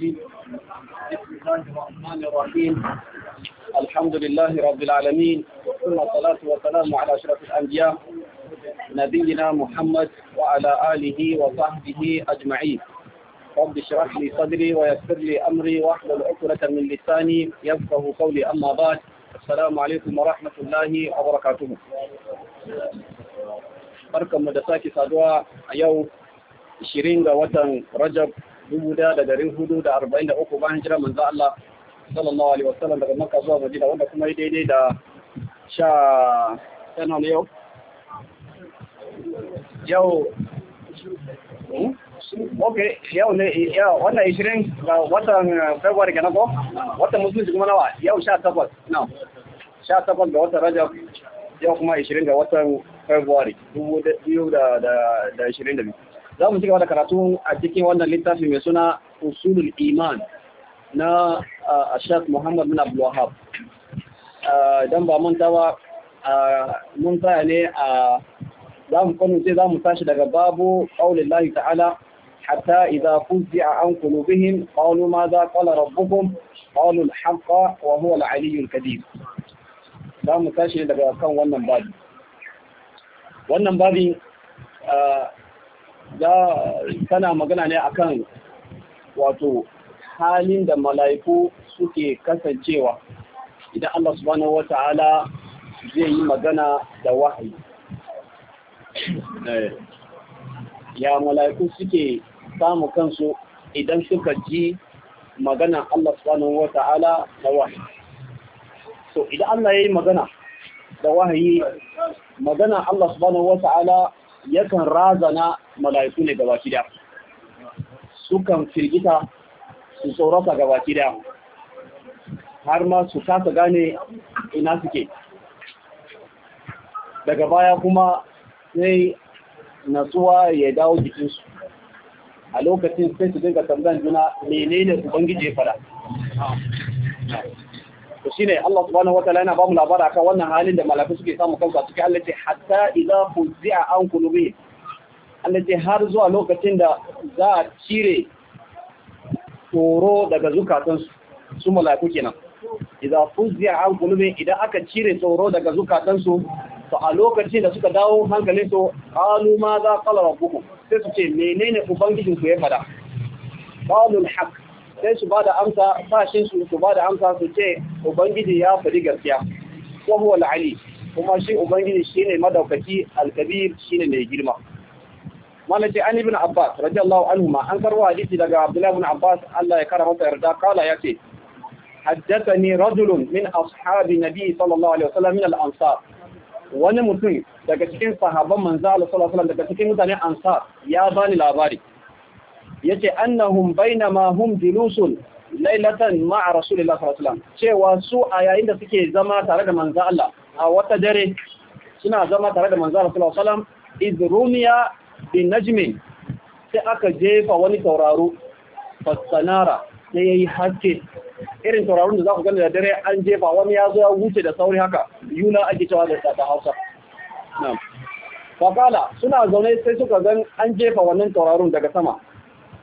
بسم الله الرحمن الرحيم الحمد لله رب العالمين ثم الصلاة والسلام على أشرف الأنبياء نبينا محمد وعلى آله وصحبه أجمعين رب اشرح لي صدري ويسر لي أمري واحلل عقدة من لساني يفقه قولي أما بعد السلام عليكم ورحمة الله وبركاته بركة مدساكي sake يوم شيرين yau رجب dubu daya da garin hudu da arba'in da uku bayan jira manzo Allah sallallahu alaihi wasallam daga Makka zuwa Madina wanda kuma yi daidai da sha tana ne yau yau hmm? ok yau ne wannan ishirin ga watan eh, february kenan ko watan musulunci kuma nawa yau sha takwas na sha takwas ga watan rajab yau kuma ishirin ga watan february dubu da ishirin da biyu za mu cigaba da karatu a cikin wannan littafi mai suna usulul iman na ashaf muhammad bin wahab don ba mun tawa mun tsaya ne a za mu kwanu sai za mu tashi daga babu ƙaunin lahi ta'ala hatta idza a an bihin qalu ma za qala rabbukum qalu al wa huwa za mu tashi daga kan wannan babi wannan babin za kana magana ne akan wato halin da mala'iku suke kasancewa idan Allah subhanahu wata'ala ta'ala zai yi magana da wahayi eh, ya mala'iku suke samu kansu idan suka ji magana Allah subhanahu wata'ala ta'ala da wahayi so idan Allah ya yi magana da wahayi magana Allah subhanahu wata'ala ta'ala yakan razana mala'iku ne gabaki da sukan firgita su tsorata gaba da har ma su kasa gane ina suke daga baya kuma sai natsuwa ya dawo jikinsu a lokacin sai su dinga tambayan juna menene ubangiji ya fada to shine Allah subhanahu ta'ala yana ba mu labara akan wannan halin da malafi suke samu kansu a cikin Allah ce hatta idza fuzia an kulubi Allah ce har zuwa lokacin da za a cire tsoro daga zukatansu su malaku kenan idza fuzia an qulubi idan aka cire tsoro daga zukatansu to a lokacin da suka dawo hankalin su qalu ma za qala rabbukum sai su ce menene ubangijin ku ya fada qalu alhaq sai su bada amsa sashin su su bada amsa su ce ubangiji ya fadi gaskiya wa huwa alali kuma shi ubangiji shine madaukaki alkabir shine mai girma mana ce an ibn abbas radiyallahu anhu ma an karwa hadisi daga abdullahi ibn abbas Allah ya kara masa yarda kala ya ce haddathani rajulun min ashabi nabi sallallahu alaihi wasallam min al-ansar wani mutum daga cikin sahabban manzo Allah sallallahu alaihi wasallam daga cikin mutanen ansar ya bani labari yace annahum bainama hum julusun lailatan ma'a rasulillah sallallahu alaihi wasallam cewa su a yayin da suke zama tare da manzo Allah a wata dare suna zama tare da manzo Allah sallallahu alaihi wasallam rumiya. bin najmin sai aka jefa wani tauraro fasanara sai yayi haske irin tauraron da za ku gani da dare an jefa wani ya zo ya wuce da sauri haka yuna ake cewa da ta Hausa na'am suna zaune sai suka gan an jefa wannan tauraron daga sama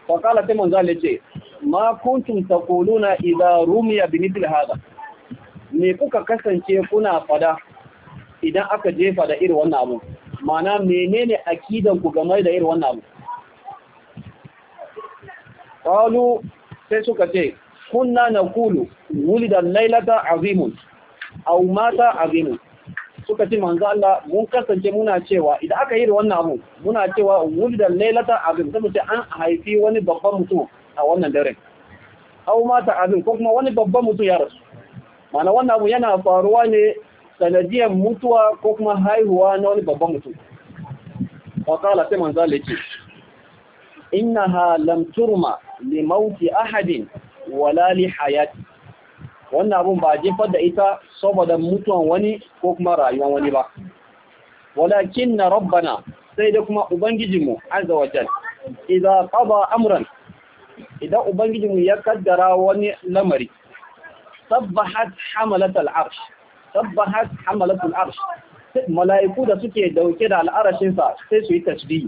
fakala sai manzo Allah ce ma kuntum taquluna idza rumiya bi mithl hada me kuka kasance kuna fada idan aka jefa da irin wannan abu mana menene akidan ku game da irin wannan abu qalu sai suka ce kunna naqulu wulida laylata azimun aw mata azimun suka ce manzo Allah mun kasance muna cewa idan aka yi da wannan abu muna cewa wulida laylata azim sai mutai an haifi wani babban mutum a wannan dare aw mata azim ko kuma wani babban mutum ya rasu mana wannan abu yana faruwa ne sanadiyar mutuwa ko kuma haihuwa na wani babban mutum wakala sai manza Allah ce innaha lamturma limauti ahadin wala hayati wannan abun ba jefar da ita saboda mutuwan wani ko kuma rayuwan wani ba walakin na rabbana sai da kuma ubangijinmu azza wajal idan qada amuran, idan ubangijinmu ya kaddara wani lamari sabbahat hamalat al sabbahat hamalatul arsh mala'iku da suke dauke da al'arashin sa sai su yi tasbih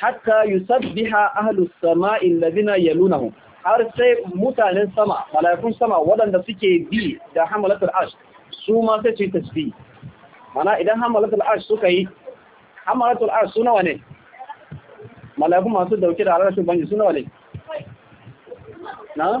hatta yusabbiha ahlus sama'i alladhina yalunahu har sai mutanen sama mala'ikun sama wadanda suke bi da hamalatul arsh su ma sai su yi tasbih mana idan hamalatul arsh suka yi hamalatul arsh su nawa ne mala'iku masu dauke da al'arashin banji su nawa ne na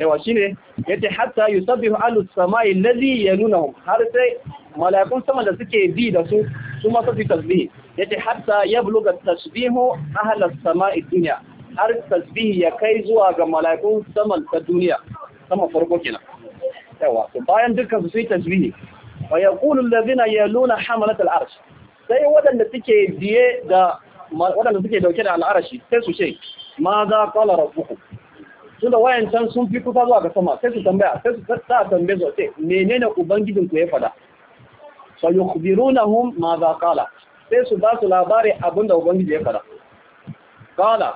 yawa shine yace hatta yusabbihu ahlus samai ya yalunahum har sai malakun sama da suke bi da su su ma su tasbihi ya yace hatta buluga tasbihu ahlus samai duniya har tasbihi ya kai zuwa ga malakun sama ta duniya sama farko kenan yawa to bayan dukkan su sai tasbihi wa ya yaqulu alladhina yaluna hamalat al-arsh sai wadanda suke biye da wadanda suke dauke da al'arashi sai su ce ma za qala rabbukum tunda wayancan sun fi kusa zuwa ga sama sai su tambaya sai su sa tambaye su ce menene ubangijin ku ya fada fa yukhbirunahum ma za qala sai su ba su labari abinda ubangiji ya fada qala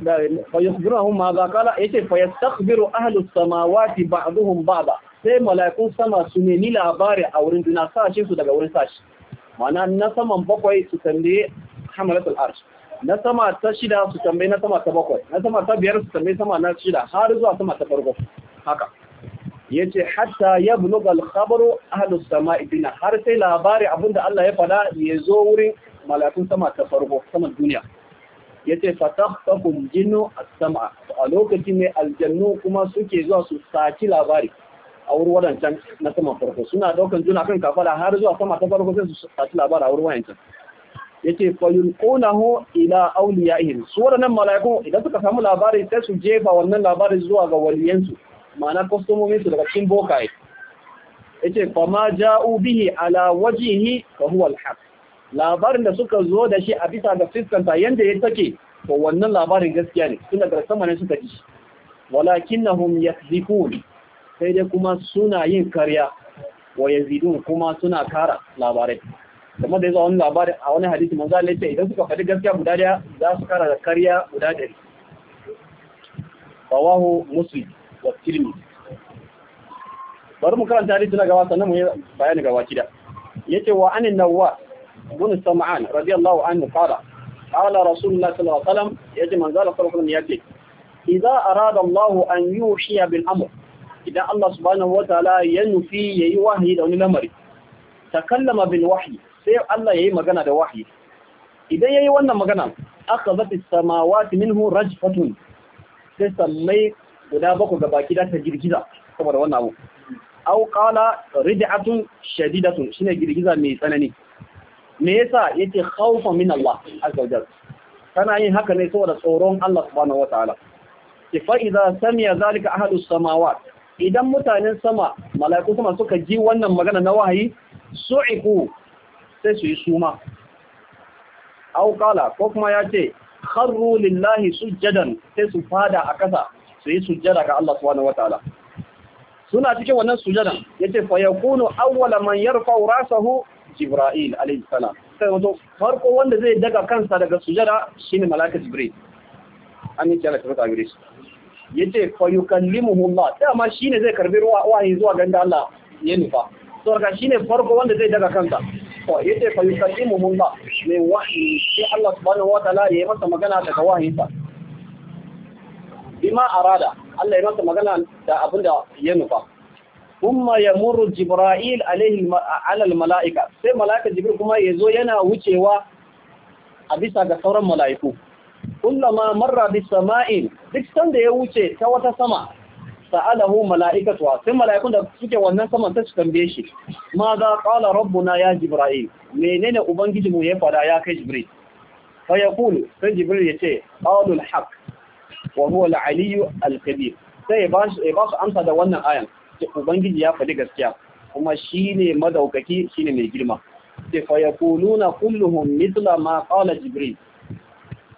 da fa yukhbirunahum ma za qala yace fa yastakhbiru ahli samawati ba'dhum ba'da sai mala'ikun sama su nemi labari a wurin juna sashin su daga wurin sashi ma'ana na saman bakwai su tambaye hamalatul arsh na sama ta shida su tambayi na sama ta bakwai na sama ta biyar su tambayi sama na shida har zuwa sama ta farko haka yace hatta yabluga al-khabaru ahlus sama'i bina har sai labari abinda Allah ya fada ya zo wurin malakun sama ta farko saman duniya yace fatakhum jinnu as-sama a lokacin ne aljannu kuma suke zuwa su saci labari a wurin wadancan na sama farko suna daukan juna kan kafala har zuwa sama ta farko sai su saci labari a wurin wayancan yace fa ho ila awliyaihim su waɗannan malaiku idan suka samu labari sai su jefa wannan labarin zuwa ga waliyansu ma'ana kwastomomin su daga cikin bokaye yace fa ma ja'u bihi ala wajihi ga huwal haf labarin da suka zo da shi a bisa ga fiskanta yadda ya take ko wannan labarin gaskiya ne tun daga sama ne suka ji walakinnahum yakzifun sai dai kuma suna yin karya wa yazidun kuma suna kara labarai kamar da ya zo labarin a wani hadisi manzo Allah ce idan suka faɗi gaskiya guda ɗaya, za su kara da kariya guda ɗari rawahu muslim wa tirmidhi bari mu karanta hadisi na gaba sannan mu yi bayani gaba kida yace wa anin nawwa bin sam'an radiyallahu anhu qala qala rasulullah sallallahu alaihi wasallam yace manzo Allah sallallahu alaihi wasallam yace idza arada Allah an yushiya bil amr idan Allah subhanahu wa ta'ala ya nufi yayi wahayi da wani lamari takallama bil wahyi sai Allah yayi magana da wahyi idan yayi wannan magana akhadhatis samawati minhu rajfatun sai sammai guda bakwai ga baki da ta girgiza saboda wannan abu aw qala rid'atun shadidatun shine girgiza mai tsanani me yasa yace khawfan min Allah azza wajal kana yin haka ne saboda tsoron Allah subhanahu wataala fa idza sami'a zalika ahadus samawat idan mutanen sama mala'iku sama suka ji wannan magana na wahayi su'iku sai su yi suma auƙala ko kuma ya ce kharru lillahi sujjadan sai su fada a kasa su yi sujjada ga Allah subhanahu wataala suna cikin wannan sujjadan yace fa yakunu awwala man yarfa rasahu Jibril alayhi salam sai wato farko wanda zai daga kansa daga sujjada shine malaika Jibril amin ta Allah ta gare shi yace fa yukallimuhu Allah dama shine zai karbi ruwa wahayi zuwa ga Allah ya nufa shi ne farko wanda zai daga kanta. to ce fa yusallimu Allah min wahyi shi Allah subhanahu wa ta'ala ya masa magana daga wahyinsa bima arada Allah ya masa magana da abinda ya nufa kuma ya muru jibra'il alal mala'ika sai mala'ika jibril kuma ya zo yana wucewa a bisa ga sauran mala'iku kullama marra bis sama'in duk sanda ya wuce ta wata sama sa'alahu mala'ikatuwa sai mala'ikun da suke wannan saman ta su bai shi ma za qala rabbuna ya jibril menene ubangiji mu ya fada ya kai jibril fa yaqulu sai jibril yace qawlul haqq wa huwa al-aliyyu al-kabir sai ya ba su amsa da wannan ayan ubangiji ya faɗi gaskiya kuma shine madaukaki shine mai girma sai fa yaquluna kulluhum mithla ma qala jibril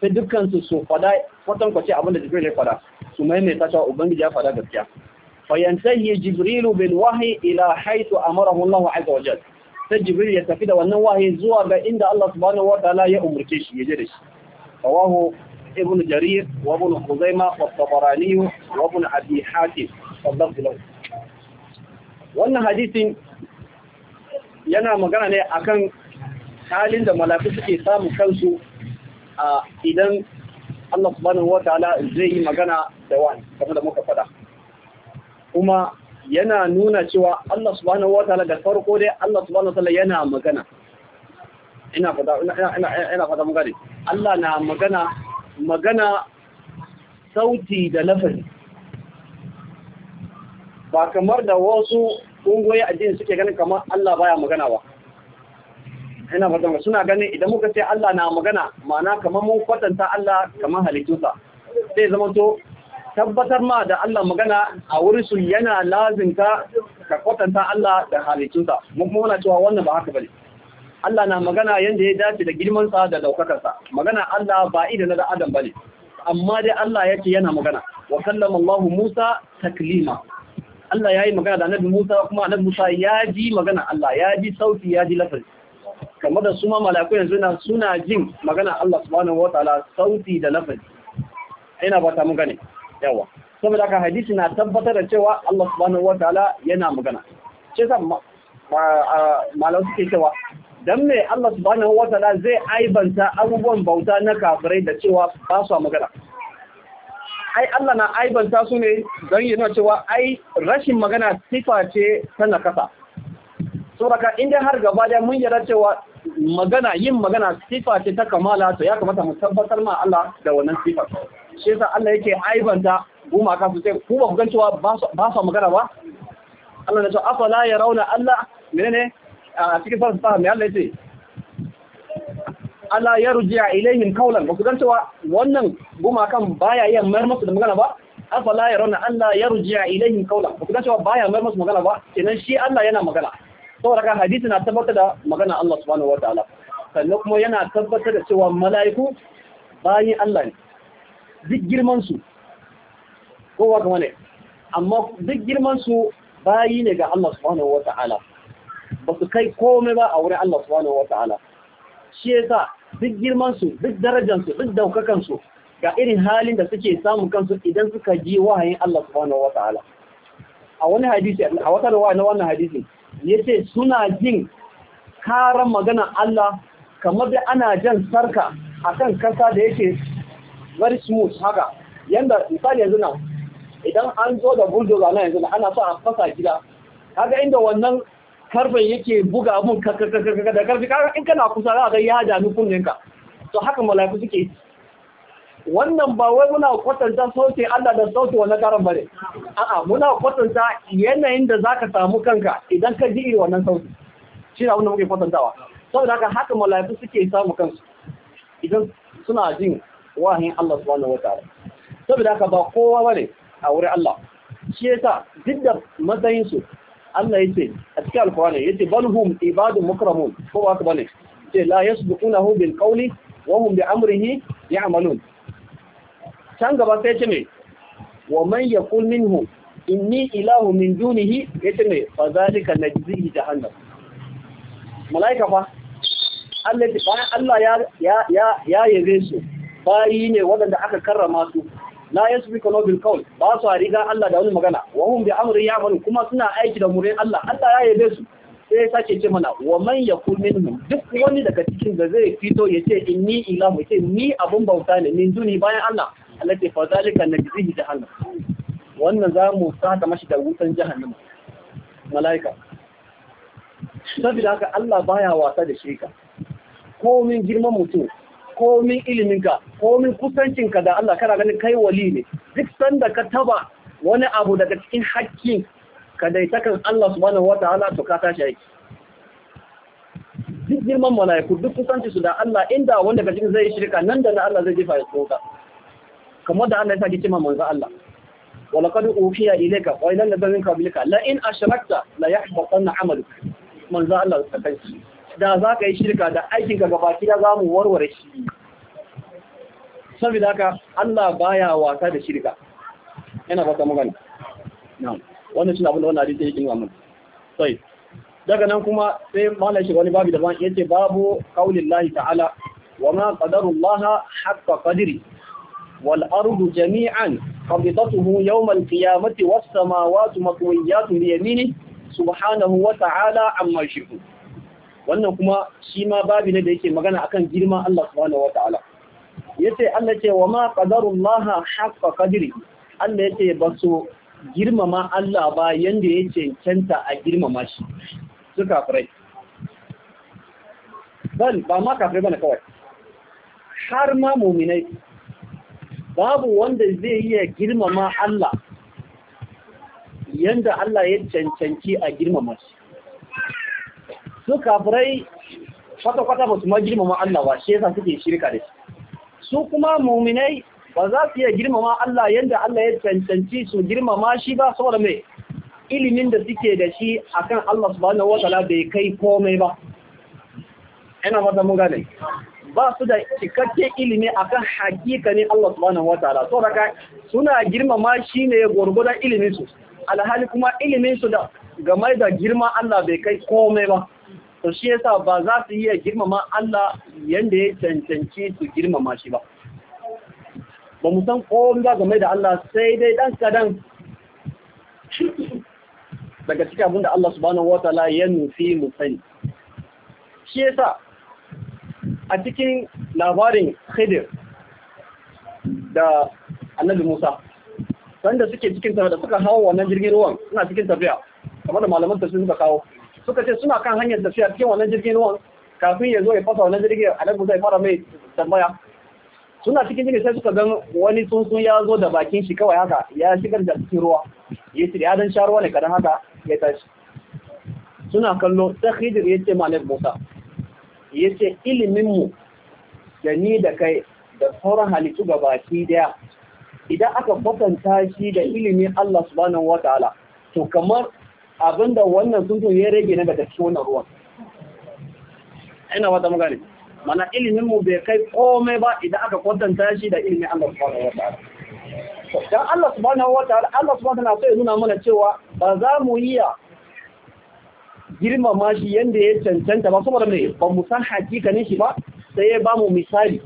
sai dukkan su su fada abin da jibril ya fada su maimaita cewa ubangiji ya faɗa gaskiya fayantahi jibrilu bil wahyi ila haythu amarahu Allah azza wa jalla sai jibril ya tafi da wannan wahyi zuwa ga inda Allah subhanahu wa ta'ala ya umurce shi ya je da shi rawahu ibn jarir wa ibn khuzaima wa tabarani wa ibn abi hatim sallallahu wannan hadisin yana magana ne akan halin da mala'iku suke samu kansu idan Allah subhanahu wataala zai yi magana da wani kamar da muka faɗa kuma yana nuna cewa Allah subhanahu wataala da farko dai Allah subhanahu wataala yana magana ina fada ina ina Allah na magana magana sauti da lafazi ba kamar da wasu kungoyi addini suke ganin kamar Allah baya magana ba ina ba suna ganin idan muka ce Allah na magana ma'ana kamar mun kwatanta Allah kamar halittunsa sai zama to tabbatar ma da Allah magana a wurin su yana lazin ka kwatanta Allah da halittunsa mun kuma muna cewa wannan ba haka bane Allah na magana yanda ya dace da girman sa da daukakar sa magana Allah ba ida na adam bane amma dai Allah yake yana magana wa kallama Allah Musa taklima Allah yayi magana da Annabi Musa kuma Annabi Musa ya ji magana Allah ya ji sauti ya ji lafazi kamar da su ma yanzu na suna jin magana Allah subhanahu wataala sauti da lafazi ina ba ta mun gane yawa saboda haka hadisi na tabbatar da cewa Allah subhanahu wataala yana magana ce sa malau suke cewa dan me Allah subhanahu wataala zai aibanta abubuwan bauta na kafirai da cewa ba su magana ai Allah na aibanta su ne don yana cewa ai rashin magana sifa ce ta nakasa saboda inda har gaba da mun yarda cewa magana yin magana sifa ce ta kamala to ya kamata mu tabbatar ma Allah da wannan sifa shi yasa Allah yake aibanta gumaka su sai ku ba ku gan cewa ba su magana ba Allah ne to afala yarawna Allah menene a cikin farsa ta mai Allah yace Allah ya rujiya ilayhim qawlan ba ku gan cewa wannan gumakan baya iya mayar musu da magana ba afala yarawna Allah ya rujiya ilayhim qawlan ba ku gan cewa baya mayar musu magana ba kenan shi Allah yana magana saboda ka hadisi na tabbatar da magana Allah subhanahu wataala sannan kuma yana tabbatar da cewa mala'iku bayan Allah ne duk girman su kowa kuma ne amma duk girman su bayi ne ga Allah subhanahu wataala ba su kai komai ba a wurin Allah subhanahu wataala shi yasa duk girman su duk darajar su duk daukakan su ga irin halin da suke samu kansu idan suka ji wahayin Allah subhanahu wataala a wani hadisi a wata rawaya na wannan hadisi yace suna jin karan magana Allah kamar da ana jan sarka akan kasa da yake very smooth haka yanda misali yanzu nan idan an zo da bulldozer na yanzu ana so a fasa gida kaga inda wannan karfen yake buga abun kakakakaka da karfi in kana kusa za ka ya dami kunnenka to haka mala'iku suke wannan ba wai muna kwatanta sauke Allah da sauke wannan karan bane a'a muna kwatanta yanayin da zaka samu kanka idan ka ji irin wannan sauki shi ne muke kwatantawa saboda haka haka mala'iku suke samu kansu idan suna jin wahayin Allah subhanahu wataala saboda haka ba kowa bane a wurin Allah shi yasa duk da matsayin su Allah yace a cikin alkurani yace balhum ibadun mukramun ko ba ka bane ce la yasbiqunahu bil qawli wa hum bi amrihi ya'malun can gaba sai ce mai wa man yaqul minhu inni ilahu min dunihi yace mai fa zalika najzihi jahannam malaika fa Allah bayan Allah ya ya ya ya yabe su bayi ne wanda aka karrama su la yasbiqu bil qawl ba su riga Allah da wani magana wa hum bi amri ya'malu kuma suna aiki da murin Allah Allah ya yabe su sai ya sake ce mana wa man yakun minhum duk wani daga cikin da zai fito ya ce inni ilahu ce ni abun bauta ne ni duni bayan Allah Allah ce fa zalika najzihi jahannam wannan za mu saka mashi da wutan jahannama malaika saboda haka Allah baya wasa da shirka komin girman mutum komin iliminka komin kusancinka da Allah kana ganin kai wali ne duk sanda ka taba wani abu daga cikin hakkin ka daita Allah subhanahu ta'ala to ka tashi aiki duk girman malaiku duk kusanci su da Allah inda wanda ka zai zai shirka nan da Allah zai jifa ya tsoka kamar da Allah ya sake cima manzo Allah wa laqad uhiya ilayka wa ila alladhina qablika la in ashrakta la yahbatanna amaluk manzo Allah ta kai da za ka yi shirka da aikin ka gabaki da za mu warware shi saboda haka Allah baya wasa da shirka yana baka magana na'am wannan shi abin da wannan hadisi yake nuna mun sai daga nan kuma sai malai shi wani babu daban yace babu qaulillahi ta'ala wa ma qadarullaha haqqa qadri wal ardu jami'an qabidatuhu yawm al qiyamati was samawati matwiyatun bi yamini subhanahu wa ta'ala amma yushrikun wannan kuma shi ma babu ne da yake magana akan girman Allah subhanahu wa ta'ala yace Allah ce wa ma qadarullaha haqqa qadri Allah yace basu girmama Allah ba yanda ya cancanta a girmama shi su kafirai ban ba ma kafirai na kawai har ma muminai babu wanda zai iya girmama Allah yanda Allah ya cancanci a girmama shi su kafirai kwata-kwata ba su ma girmama Allah ba shi yasa suke shirka da shi su kuma muminai ba za su iya girmama Allah yadda Allah ya cancanci su girmama shi ba saboda mai ilimin da suke da shi akan Allah subhanahu wataala bai kai komai ba ina mata mun gane ba su da cikakke ilimi akan ne Allah subhanahu wataala to daga suna girmama shi ne gurgurdan ilimin su alhali kuma ilimin su da game da girma Allah bai kai komai ba to shi yasa ba za su iya girmama Allah yanda ya cancanci su girmama shi ba ba mu san komi ba game da Allah sai dai dan kadan daga cikin abin da Allah subhanahu wataala ya nufi mu sani shi yasa a cikin labarin Khidir da Annabi Musa sanda suke cikin tafiya da suka hawo wannan jirgin ruwan suna cikin tafiya kamar da malaman sun suka kawo suka ce suna kan hanyar tafiya cikin wannan jirgin ruwan kafin ya zo ya fasa wannan jirgin Annabi Musa ya fara mai tambaya suna cikin jini sai suka gan wani tsuntsun ya zo da bakin shi kawai haka ya shigar da cikin ruwa ya ce ya dan sha ruwa ne kadan haka ya tashi suna kallo sai khidir ya ce malam musa ya ce iliminmu da ni da kai da sauran halittu ga baki daya idan aka kwatanta shi da ilimin Allah subhanahu wa ta'ala to kamar abinda wannan tsuntsun ya rage na daga cikin wannan ruwan ina wata magana mana ilimin mu bai kai komai ba idan aka kwatanta shi da ilimin Allah subhanahu wa ta'ala dan Allah subhanahu wa ta'ala Allah subhanahu wa ta'ala sai nuna mana cewa ba za mu iya girmama shi yanda ya cancanta ba saboda me ba mu san hakikanin shi ba sai ya ba mu misali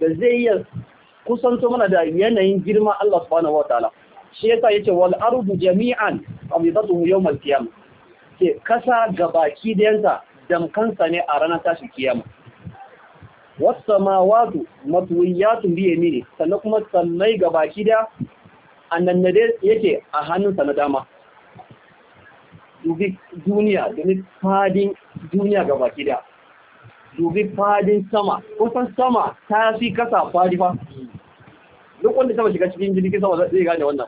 da zai iya kusanto mana da yanayin girma Allah subhanahu wa ta'ala shi yasa yace wal ardu jami'an amidatuhu yawm al-qiyamah ke kasa gabaki dayansa damkansa ne a ranar tashin kiyama ma wato matuwiyatun biye yamini sannan kuma sannai baki da annannade yake a hannunsa na dama dubi duniya dubi fadin duniya baki da dubi fadin sama kusan sama ta fi kasa fadi fa duk wanda sama shiga cikin jirgin sama zai gane wannan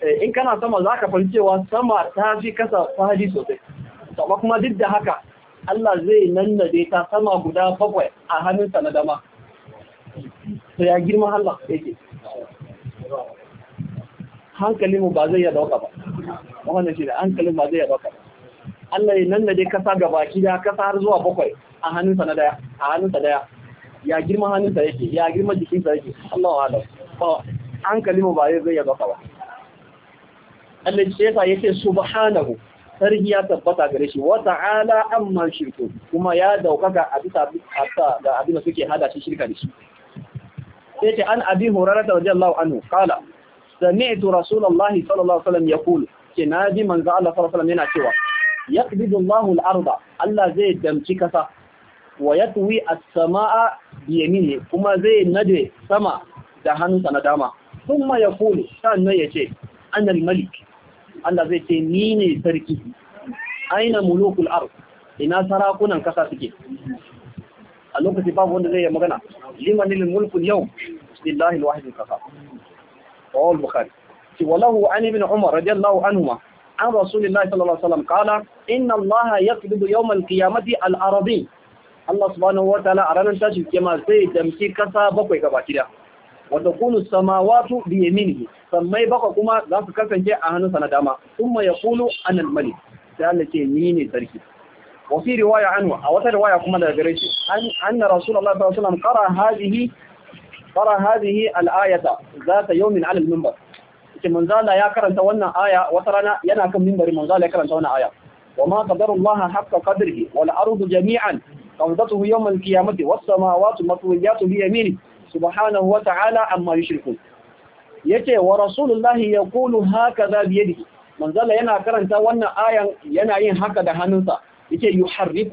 eh, in kana sama za ka fahimcewa sama ta fi kasa fadi sosai sama kuma duk da haka Allah zai nannade ta sama guda bakwai a hannunsa na dama to ya girma Allah yake hankalin mu ba zai ya dauka ba wannan shi da hankalin ba zai ya dauka Allah ya nannade kasa ki da kasa har zuwa bakwai a hannunsa na daya a hannunsa daya ya girma hannunsa yake ya girma jikinsa yake wa Allah ba hankalin mu ba zai ya dauka ba Allah shi yasa yake subhanahu sarki ya tabbata gare shi wa ta'ala amma shirku kuma ya daukaka a bisa hatta abin da suke hada shi shirka da shi sai ce an abi wajen radiyallahu anhu kala. sami'tu rasulullahi sallallahu alaihi wasallam Ke na ji manzo Allah sallallahu alaihi wasallam yana cewa yaqbidu Allahu al-arda Allah zai damci kasa wa yatwi as-samaa bi yamini kuma zai nade sama da hannunsa na dama kuma yaqulu sannan yace ce, al-malik Allah zai ce ni ne sarki aina mulukul ard ina sarakunan kasa suke a lokaci babu wanda zai yi magana limanil mulku yau lillahi alwahid alqahar rawahu bukhari ci walahu an ibn umar radiyallahu anhu an rasulillahi sallallahu alaihi wasallam qala inna allaha yaqbidu yawm alqiyamati alardi Allah subhanahu wa ta'ala a tashi kema sai damki kasa bakwai gaba daya Wata Kulu samawatu bi yaminihi sammai bakwa kuma za su kasance a hannunsa na dama Umma ya Kulu anan malik sai Allah ce ni ne sarki wa fi riwaya anhu a wata riwaya kuma daga gare shi anna rasulullahi sallallahu alaihi wasallam qara hadhihi qara hadhihi al-ayata zata yawmin ala al-minbar ce manzala ya karanta wannan aya wata rana yana kan minbari manzala ya karanta wannan aya وما قدر الله jami'an قدره والأرض جميعا قبضته "Wata Samawatu والسماوات مطويات بيمينه subhanahu wa ta'ala amma yushriku yace wa rasulullahi haka za bi yadihi manzala yana karanta wannan ayan yana yin haka da hannunsa yace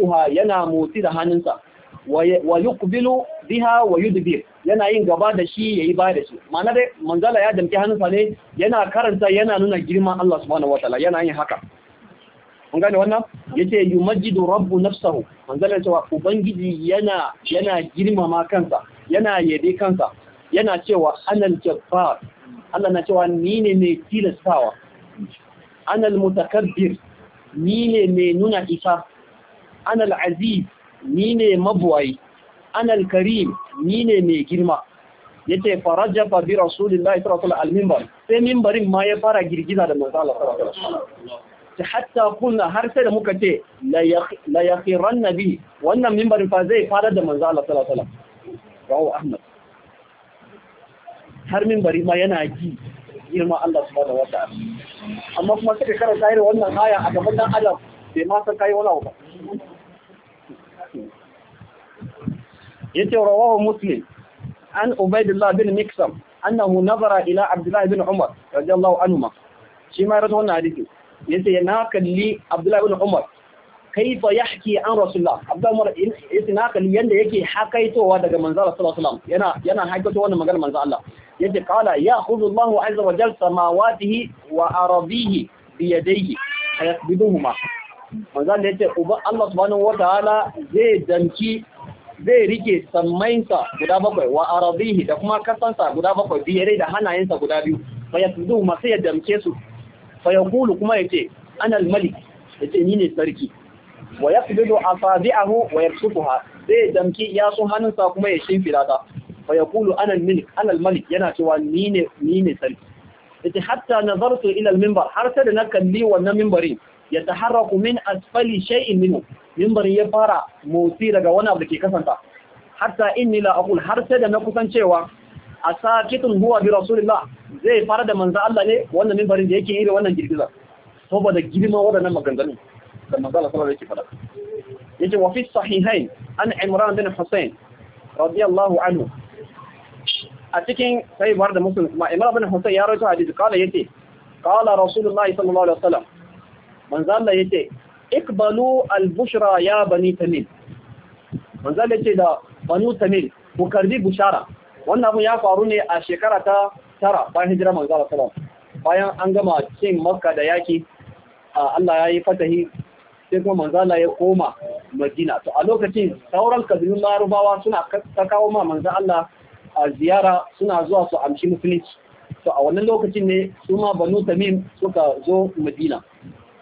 ha. yana motsi da hannunsa wa kubilu biha wa yudbir yana yin gaba da shi ya yi baya da shi ma'ana dai manzala ya damke hannunsa ne yana karanta yana nuna girman Allah subhanahu wataala yana yin haka kun gane wannan yace yumajjidu rabbu nafsahu manzala ya cewa ubangiji yana yana girmama kansa yana yabe kansa yana cewa anal jabbar Allah na cewa ni ne mai tilastawa anal mutakabbir ni ne mai nuna isa anal aziz ni ne mabuwai anal karim ni ne mai girma yace faraja fa bi rasulillahi sallallahu alaihi wasallam al-minbar sai minbarin ma ya fara girgiza da manzo Allah sallallahu alaihi wasallam ta hatta kuna har sai da muka ce la yakhiranna bi wannan minbarin fa zai fara da manzo Allah sallallahu alaihi wasallam rawu ahmad har min bari ma yana ji girma Allah subhanahu wa ta'ala amma kuma sai karanta irin wannan haya a gaban dan adam bai ma san kai wani ba yace rawahu muslim an ubaidillah bin miksam annahu nazara ila abdullah bin umar radiyallahu anhuma shi ma rawahu wannan hadisi yace yana kalli abdullah bin umar kaifa yahki an rasulullah abdan umar isnaqali yanda yake hakaitowa daga manzo Allah sallallahu alaihi wasallam yana yana hakaito wannan magana manzo Allah yace qala khudhu Allahu azza wa jalla samawatihi wa aradihi bi yadayhi ayasbiduhuma manzo Allah yace uba Allah subhanahu wa ta'ala zai danki zai rike sammainsa guda bakwai wa arabihi da kuma kasansa guda bakwai biyare da hannayensa guda biyu fa sai ya damke su fa yaqulu kuma yace ana al-malik yace ni ne sarki wa yaqbidu asabi'ahu wa yabsutuha sai damki ya sun hannunsa kuma ya shimfida ta fa yaqulu ana al malik yana cewa ni ne ni Ita hatta na ila ilal mimbar, har sai da na kalli wannan mimbarin, ya taharraku min asfali shay'in minhu mimbarin ya fara motsi daga wani abu da ke kasanta hatta inni la aqul har sai da na kusancewa asakitun huwa bi rasulillah zai fara da manzo Allah ne wannan mimbarin da yake yi da wannan girgiza saboda girma wadannan maganganun da manzala sahihain an imran bin husayn a cikin sahih da muslim kuma imran ya rawaito hadisi yace kala rasulullahi da banu tamim ku karbi wannan abun ya faru ne a shekara ta tara bayan hijira manzala bayan an gama cin makka da yaki Allah ya yi fatahi sai kuma manzala ya koma madina to a lokacin sauran kabilun Larubawa suna ta kawo ma manzan Allah a ziyara suna zuwa su amshi musulunci to a wannan lokacin ne su ma banu tamim suka zo madina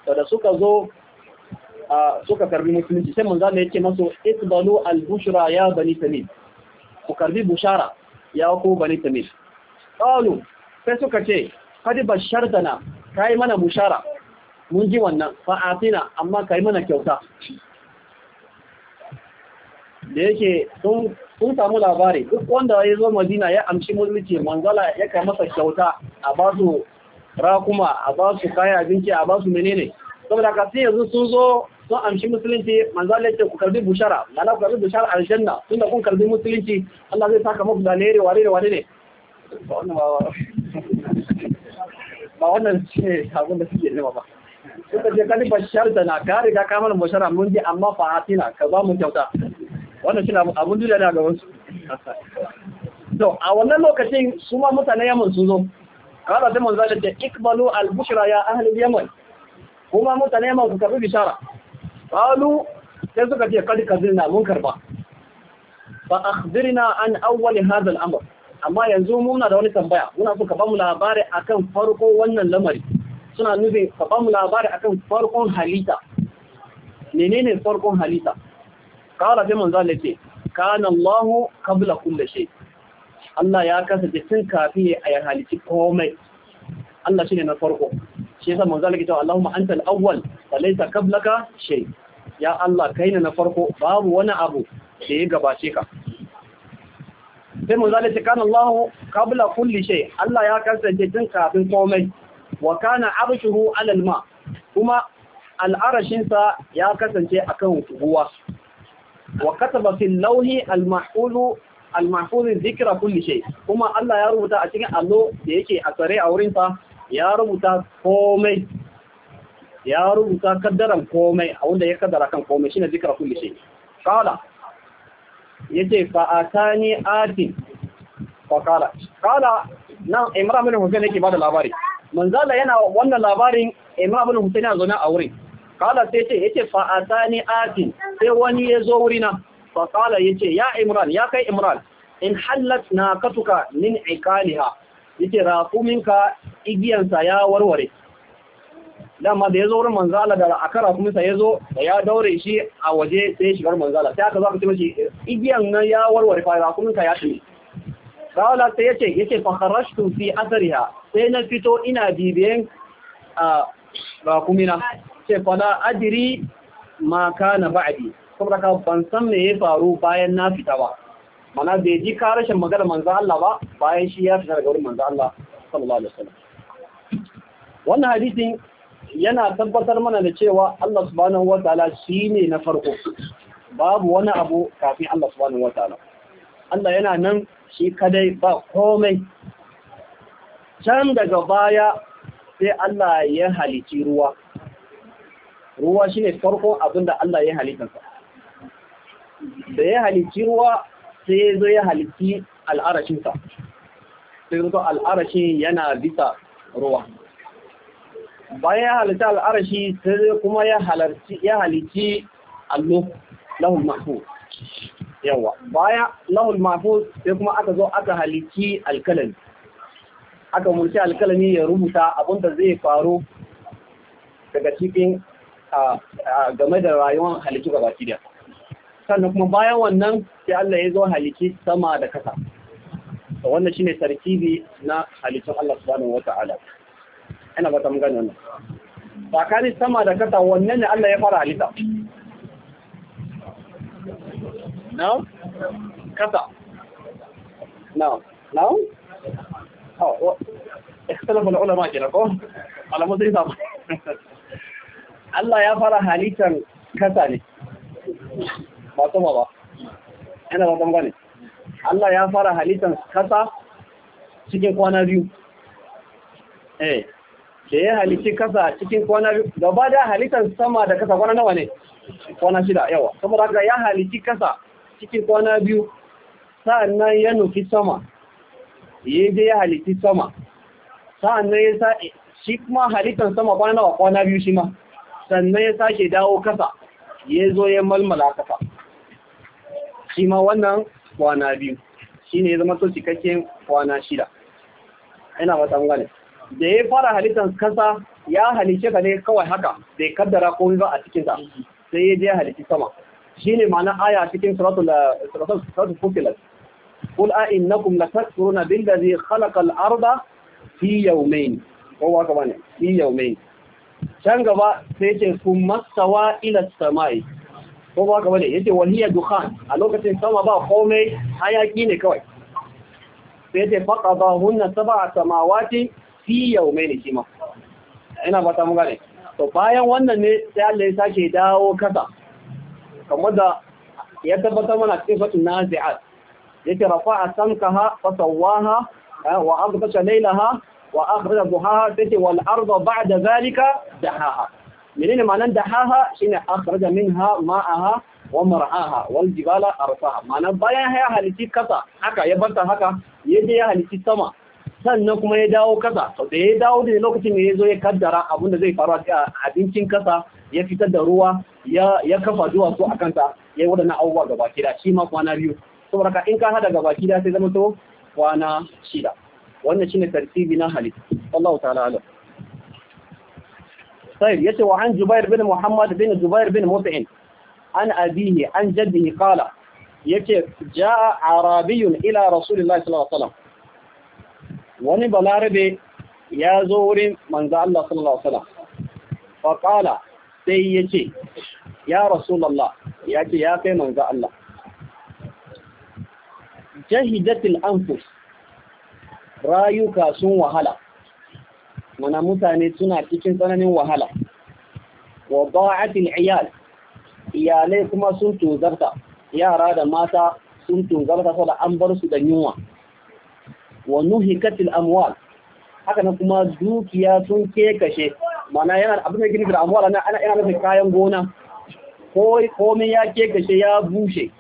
to da suka zo suka karbi musulunci sai manzan Allah ce masu itbalu al-bushra ya bani tamim ku karbi bushara ya ko bani tamim qalu sai suka ce kadi bashartana kai mana bushara mun ji wannan fa’afina amma ka yi mana kyauta da yake sun samu labari duk wanda ya zo madina ya amshi mulki manzala ya kai masa kyauta a ba su rakuma a ba su kaya abinci a ba su menene saboda ka sai yanzu sun zo sun amshi musulunci manzala ya ce ku karbi bushara mana ku karbi bushara aljanna da kun karbi musulunci Allah zai saka muku da alheri ware da ware ne ba wannan ba wannan ce abin da suke nema ba suka ce kalifa basharta na kare riga kamar mashara mun ji amma fa na ka ba mu kyauta wannan shi abun duniya da gaban su to a wannan lokacin su ma mutane Yaman sun zo kada sai manzo da ikbalu al-bushra ya ahli Yaman kuma mutane Yaman su karbi bishara qalu sai suka ce kadi kazilna mun karba fa akhbirna an awwal hadha al-amr amma yanzu muna da wani tambaya muna so ka ba mu labari akan farko wannan lamari suna nufin ka ba mu labari akan farkon halitta menene farkon halitta kawara sai manzo Allah ce kana Allahu qabla kulli shay Allah ya kasance tun kafin ya halici komai Allah shine na farko shi yasa manzo Allah ke cewa Allahumma anta al-awwal wa laysa qablaka shay ya Allah kai ne na farko babu wani abu da ya gabace ka sai manzo Allah ce kana Allahu qabla kulli shay Allah ya kasance tun kafin komai wa kana arshuhu alal ma kuma al'arashinsa ya kasance akan ruwa wa kataba fil lawhi al mahfuz al mahfuz dhikra kulli shay kuma Allah ya rubuta a cikin allo da yake a tsare a wurin sa ya rubuta komai ya rubuta kaddaran komai a wanda ya kaddara kan komai shine dhikra kulli shay qala yace fa atani atin fa qala qala nan imran bin husayn yake bada labari manzala yana wannan labarin imam ibn husayn a zauna a wurin kala sai ce yace fa atani atin sai wani ya zo wurina fa kala yace ya imran ya kai imran in hallat naqatuka min iqaliha yace raquminka igiyansa ya warware dama da ya zo wurin manzala da aka kuma sai ya da ya daure shi a waje sai shigar manzala sai aka zo aka ce mishi igiyan nan ya warware fa raquminka ya tafi kawala ta yace yace fakarashtu fi athariha sai na fito ina bibiyan a ba kumina ce fa adiri adri ma kana ba'di kuma ka ban san me ya faru bayan na fita ba mana bai ji karashin magana manzo Allah ba bayan shi ya fita daga wurin manzo Allah sallallahu alaihi wasallam wannan hadisin yana tabbatar mana da cewa Allah subhanahu wataala shine na farko babu wani abu kafin Allah subhanahu wataala Allah yana nan shi kadai ba komai can daga baya sai Allah ya halici ruwa ruwa shine farkon abin da Allah ya halitansa da ya halici ruwa sai ya zo ya halici al'arashinsa sai zo al'arashin yana bisa ruwa bayan ya halitta al'arashi sai kuma ya halici allo lahul mahfuz yawa baya lahul mahfuz sai kuma aka zo aka haliki alkalami aka murci alkalami ya rubuta abinda zai faru daga cikin game da rayuwar haliki gaba ɗaya sannan kuma bayan wannan sai Allah ya zo haliki sama da kasa to wannan shine tarkibi na halittun Allah subhanahu wata'ala ina ba ta mun Ba wannan tsakanin sama da kasa wannan ne Allah ya fara halitta now kasa now now oh ikhtalafa ulama kenan ko alamu sai samu Allah ya fara halittar kasa ne ba to ba ina ba zama ne Allah ya fara halittar kasa cikin kwana biyu eh da ya halitti kasa cikin kwana biyu gaba da halittar sama da kasa kwana nawa ne kwana shida yawa saboda haka ya halitti kasa cikin kwana biyu sa'annan ya nufi sama ya je ya halitti sama sa'annan ya sa shi kuma halittar sama kwana wa kwana biyu shi ma sannan ya sake dawo kasa ya zo ya malmala kasa shi ma wannan kwana biyu shi ne ya zama to cikakken kwana shida ina matan gane da ya fara halittar kasa ya halice ka ne kawai haka bai kaddara komai ba a cikinta sai ya je halitti sama shine ma'ana aya cikin suratul eh, suratul fusilat qul a innakum latakfuruna billazi khalaqal arda fi yawmayn ko wa ka bane fi yawmayn can gaba sai yace kuma sawa ila samai ko ba ka bane yace wahiya dukhan a lokacin sama ba komai hayaki ne kawai sai yace hunna sab'a samawati fi yawmayn kima ina ba ta mun gane to bayan wannan ne sai Allah ya sake dawo kasa kamar da ya tabbatar mana cikin nazi'at yake rafa'a sankaha fa sawaha wa abtasha lailaha wa akhraja duhaha tati wal arda ba'da zalika dahaha menene ma'anar dahaha shine akhraja minha ma'aha wa mar'aha wal jibala arsaha ma'ana bayan ya halici kasa haka ya barta haka yaje ya halici sama sannan kuma ya dawo kasa da ya dawo da lokacin da ya zo ya kaddara abinda zai faru a abincin kasa ya fitar da ruwa ya kafa duwatsu a kanta ya yi waɗannan abubuwa gaba kida shi ma kwana biyu saboda ka in ka hada gaba kida sai zama to kwana shida wannan shine tartibi na halitta Allah ta'ala alam طيب يتي وعن جبير بن محمد بن جبير بن مطعم عن أبيه عن جده قال يتي جاء عربي إلى رسول الله صلى الله عليه وسلم wani balarabe ya zo wurin manzo Allah sallallahu alaihi wasallam fa qala sai yace ya rasulullah yace ya kai manzo Allah jahidatil anfus rayuka sun wahala mana mutane suna cikin tsananin wahala wa ba'atil iyal iyalai kuma sun tuzarta yara da mata sun tuzarta saboda an bar su da yunwa wa nuhikatil amwal haka nan kuma dukiya sun kekashe mana yana abin da gini da amwal ana ana yana nufin kayan gona ko komai ya ke kashe ya bushe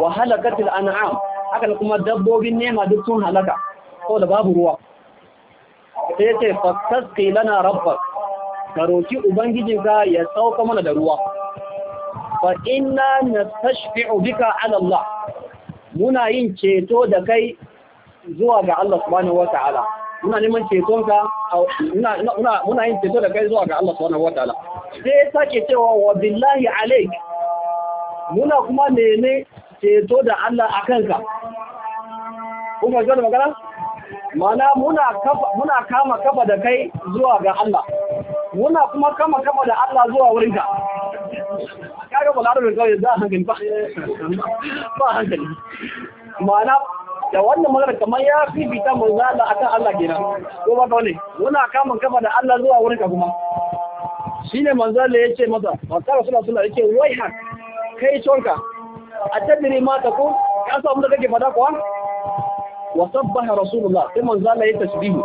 wa halakatil an'am haka nan kuma dabbobin nema duk sun halaka da babu ruwa sai ce fastasqi lana rabbak ka roki ka ya sauka mana da ruwa fa inna nastashfi'u bika ala Allah muna yin ceto da kai zuwa ga Allah subhanahu ta'ala muna neman ka muna yin ceto da kai zuwa ga Allah subhanahu ta'ala sai ya sake cewa wa billahi alaik muna kuma neme ceto da Allah a kanka kuma ga magana mana muna muna kama kafa da kai zuwa ga Allah muna kuma kama kafa da Allah zuwa wurinka kaga ba za a hankali ba ba hankali mana da wannan magana kamar ya fifita manzo da akan Allah kenan ko ba ne muna mun kafa da Allah zuwa wurin ka kuma shine manzo ya yace masa manzo Rasulullah sallallahu alaihi wasallam wai hak kai tonka atadri ma ku? ka samu da kake fada kuwa wa sabbaha Rasulullah sai manzo Allah ya tasbihu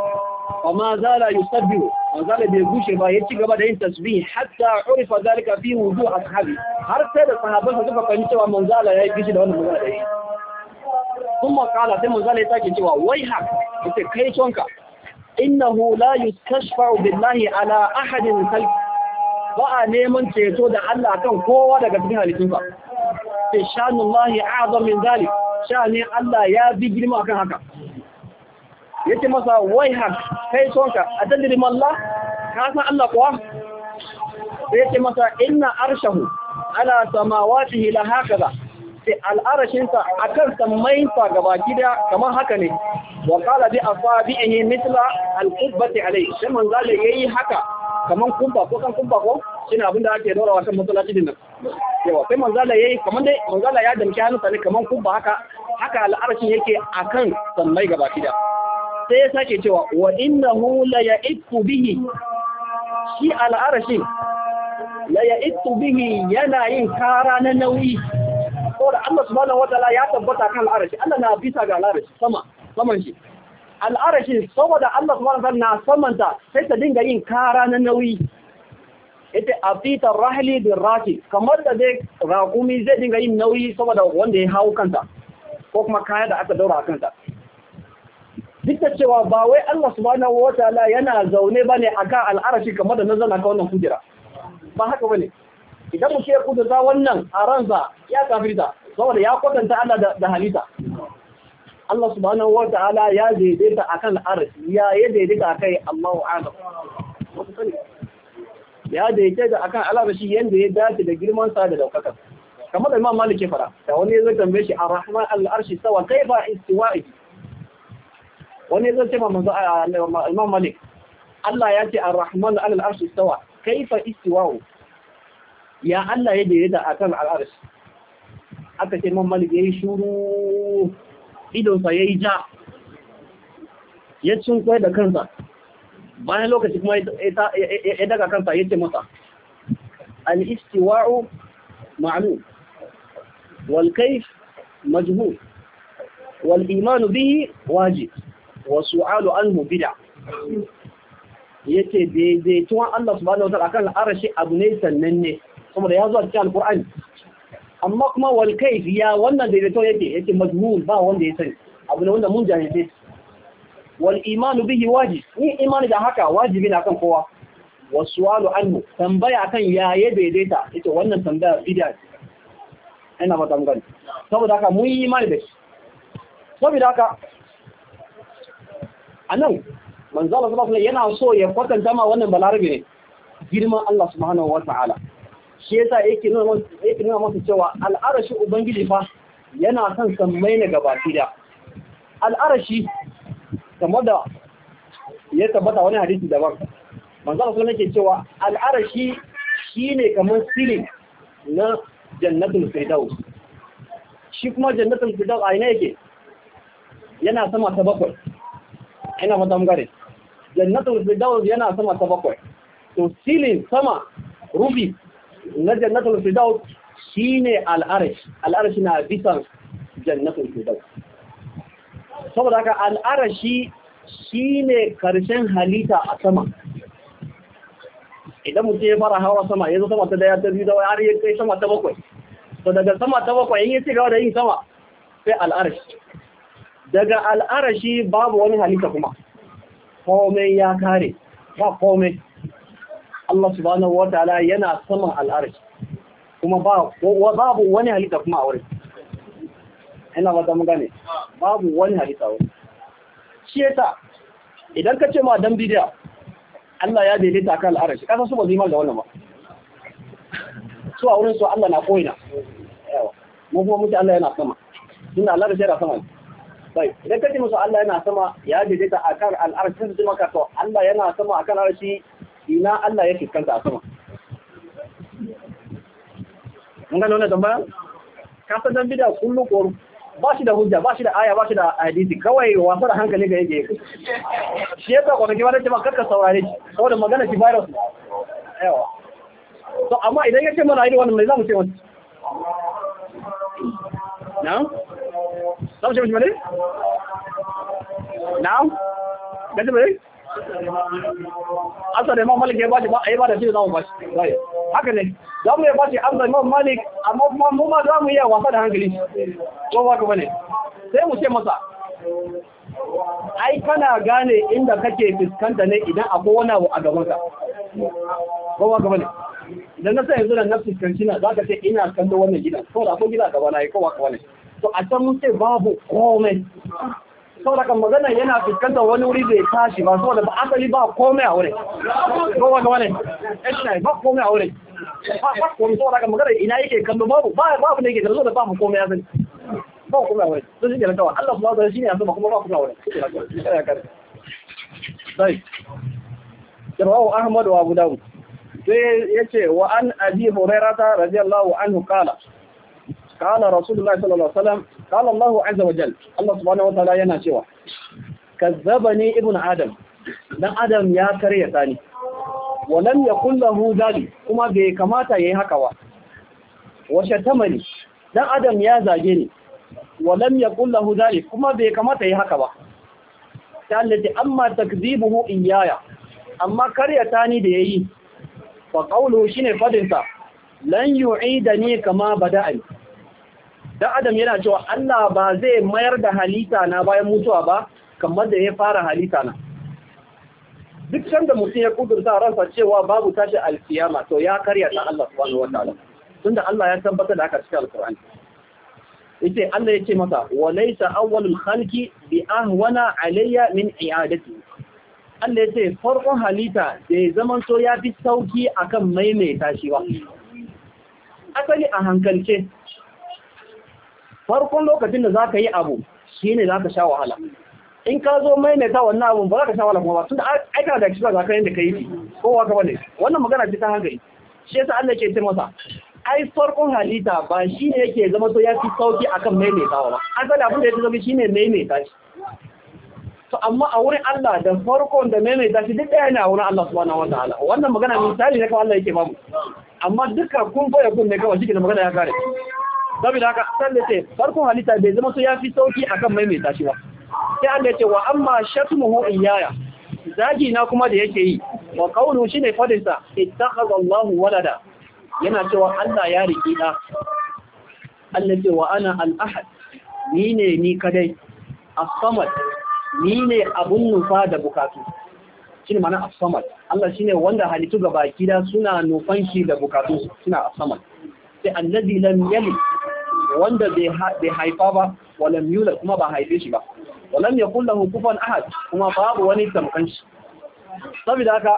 wa ma zala yusabbihu wa zala bai gushe ba ya ci gaba da yin tasbih hatta urifa zalika fi wudu ashabi har sai da sahabbansa suka fahimci cewa manzo Allah ya yi gishi da wannan magana da yi sun kala sai mun zale ya cewa wai ha sai kai tonka innahu la yustashfa'u billahi ala ahadin kal ba a neman ceto da Allah kan kowa daga cikin ba sai shanullahi a'zam min zalik shani Allah ya bi girma akan haka yace masa wai ha kai tonka adalli Allah ka san Allah kuwa sai yace masa inna arshahu ala samawatihi la hakaza al'arashinsa a kan sammainsa gaba gida kamar haka ne wa kala bi yi mithla al-qubbati alai sai manzo ya yayi haka kamar kumba ko kan kumba ko shine abin da ake dora wasan masallaci din nan yawa sai manzo ya yayi kamar dai zale ya damke hannu ne kamar kumba haka haka al'arashin yake akan sammai gaba gida sai ya sake cewa wa innahu la ya'itu bihi shi al'arashin la ya'itu bihi yana yin kara na nauyi saboda Allah subhanahu wataala ya tabbata kan al'arashi Allah na bisa ga al'arashi sama saman shi al'arashi saboda Allah subhanahu wataala na samanta sai ta dinga yin kara na nauyi ita afita rahli bin rati kamar da dai raƙumi zai dinga yin nauyi saboda wanda ya hawo kanta ko kuma kaya da aka daura kanta duk da cewa ba wai Allah subhanahu wataala yana zaune bane akan al'arashi kamar da na zauna ka wannan kujera ba haka bane idan mutum ya za wannan a ransa ya kafirta saboda ya kwatanta Allah da halitta Allah subhanahu wa ta'ala ya daidaita akan arsh ya ya daidaita akai wa ta'ala ya daidaita akan shi yanda ya dace da girman sa da daukakar kamar Imam Malik ya fara da wani zai tambaye shi ar-rahman al-arshi sawa kaifa istiwa'i wani zai ce manzo Imam Malik Allah ya ce ar-rahman al-arshi sawa kaifa istiwa'u ya Allah ya daidaita akan al'arsh aka ce man malik yayi shuru idon sa yayi ja ya kai da kansa bayan lokaci kuma ya daga kansa ya masa al-istiwa'u ma'lum wal kayf majhul wal iman bihi wajib wa su'alu anhu bid'a yace daidaituwan Allah subhanahu wa ta'ala akan al'arashi abu ne sannan ne saboda ya zo a cikin alkur'ani amma kuma wal ya wannan daidaito yake yake majhul ba wanda ya sani abu ne wanda mun jahilce wal imanu bihi wajib ni imani da haka wajibi na kan kowa wasu'alu anhu tambaya akan yaya daidaita ita wannan tambaya bid'a ce ina ba tambaya saboda haka mun yi imani da shi saboda haka anan manzo Allah subhanahu yana so ya kwatanta ma wannan balarabe ne girman Allah subhanahu wa ta'ala shi yasa yake nuna masa cewa al'arashi ubangiji fa yana son sammai na gaba da al'arashi kamar da ya tabbata wani hadisi daban manzala sun ke cewa al'arashi shine kamar silin na jannatul firdaus shi kuma jannatul firdaus a ina yake yana sama ta bakwai ina fata gare jannatul firdaus yana sama ta bakwai to silin sama rubi na jannatul firdaus shine al'arsh al'arsh na bisan jannatul firdaus saboda haka al'arashi shine karshen halita a sama idan mutum ya fara hawa sama ya zo sama ta daya ta biyu da har ya kai sama ta bakwai to daga sama ta bakwai in ya ci gaba da yin sama sai al'arashi daga al'arashi babu wani halitta kuma komai ya kare ba komai Allah subhanahu wa ta'ala yana saman al'arshi kuma babu wani halitta kuma a wurin ina ba ta gane babu wani halitta wurin shi yasa idan ka ce ma dan bidiya Allah ya daidaita kan al'arshi kasa su ba zai da wannan ba su a wurin su Allah na koyina yawa mu kuma mutu Allah yana sama tunda Allah da shi yana sama bai idan ka ce musu Allah yana sama ya daidaita akan al'arshi sun ji maka to Allah yana sama akan al'arshi ina Allah ya fuskanta a sama mun gano wannan tambaya ka san dan bid'a kullu ko ba shi da hujja ba shi da aya ba shi da hadisi kawai wasu da hankali ga yake shi yasa ko kake wani ba karka saurare shi saboda magana shi virus yawa to amma idan yake mana irin wannan mai zamu ce wani na zamu ce mishi mene na gaji mene asar imam malik ya bashi ba a yi ba da shi za mu bashi haka ne za mu iya bashi asar imam malik amma kuma mu ma za mu iya wasa da hankali ko ba kuma ne sai mu ce masa ai kana gane inda kake fuskanta ne idan akwai wani abu a gabanka ko ba kuma ne idan na sai yanzu da na fuskanci na za ka ce ina kallon wannan gida, ko da akwai gida gaba na yi ko ba kuma ne to a can mun ce babu komai saboda kan magana yana fuskantar wani wuri da ya tashi ba saboda ba asali ba komai a wurin ba wani wani ba komai a wurin ba ba komai saboda kan magana ina yake kallo babu ba ba da yake kallo da ba mu komai ba komai a wurin sun shi ne kawai Allah kuma zai yanzu ba kuma ba komai a wurin sai rawahu ahmad wa abu dawud sai yace wa an abi hurairata radiyallahu anhu qala قال رسول الله alaihi الله qala Allah azza wa jal Allah subhanahu wa ta'ala yana cewa kazzabani ibn adam dan adam ya karya sani wa lam yakul lahu zali kuma bai kamata yayi haka ba wa shatamani dan adam ya zage ni wa lam yakul lahu zali kuma bai kamata yayi haka ba ta allati amma takdhibuhu iyaya amma karya tani da yayi fa qawluhu shine fadin sa lan yu'idani kama bada'ani dan adam yana cewa Allah ba zai mayar da halita na bayan mutuwa ba kamar da ya fara halita na duk sanda mutum ya kudurta ransa cewa babu tashi alkiyama to ya karya ta Allah subhanahu wataala tunda Allah ya tabbata da haka cikin alqur'ani yace Allah yace masa wa laysa awwalul khalqi bi ahwana alayya min i'adati Allah ce farkon halitta da zaman so ya fi sauki akan maimaita shi ba asali a hankalce farkon lokacin da zaka yi abu shine zaka sha wahala in ka zo maimaita wannan abun ba za ka sha wahala kuma ba tunda ai kana da kisa zaka yanda kai ko waka bane wannan magana ce ta hankali shi yasa Allah ke ce masa ai farkon halitta ba shine yake zama to ya fi sauki akan maimaitawa ba asali abin da ya zama shine maimaita shi to amma a wurin Allah da farkon da maimaita shi duk ɗaya ne a wurin Allah subhanahu wataala wannan magana misali ne kawai Allah yake bamu amma duka kun fa yakun ne kawai shi magana ya kare saboda haka san da ce farkon halitta bai zama su fi sauki akan maimaita shi ba sai an da ce wa amma in yaya. zagi na kuma da yake yi wa qawlu shine ne fadinsa ita Allahu walada yana cewa Allah ya riki da Allah ce wa ana al-ahad ni ne ni kadai as-samad ni ne abun nufa da bukatu ne mana as-samad Allah shine wanda halittu gaba kida suna nufan shi da bukatu suna as-samad sai allazi lam yali. wanda bai haifa ba wala yula kuma ba haife shi ba walam yakul lahu hukufan ahad kuma babu wani tamkan shi saboda haka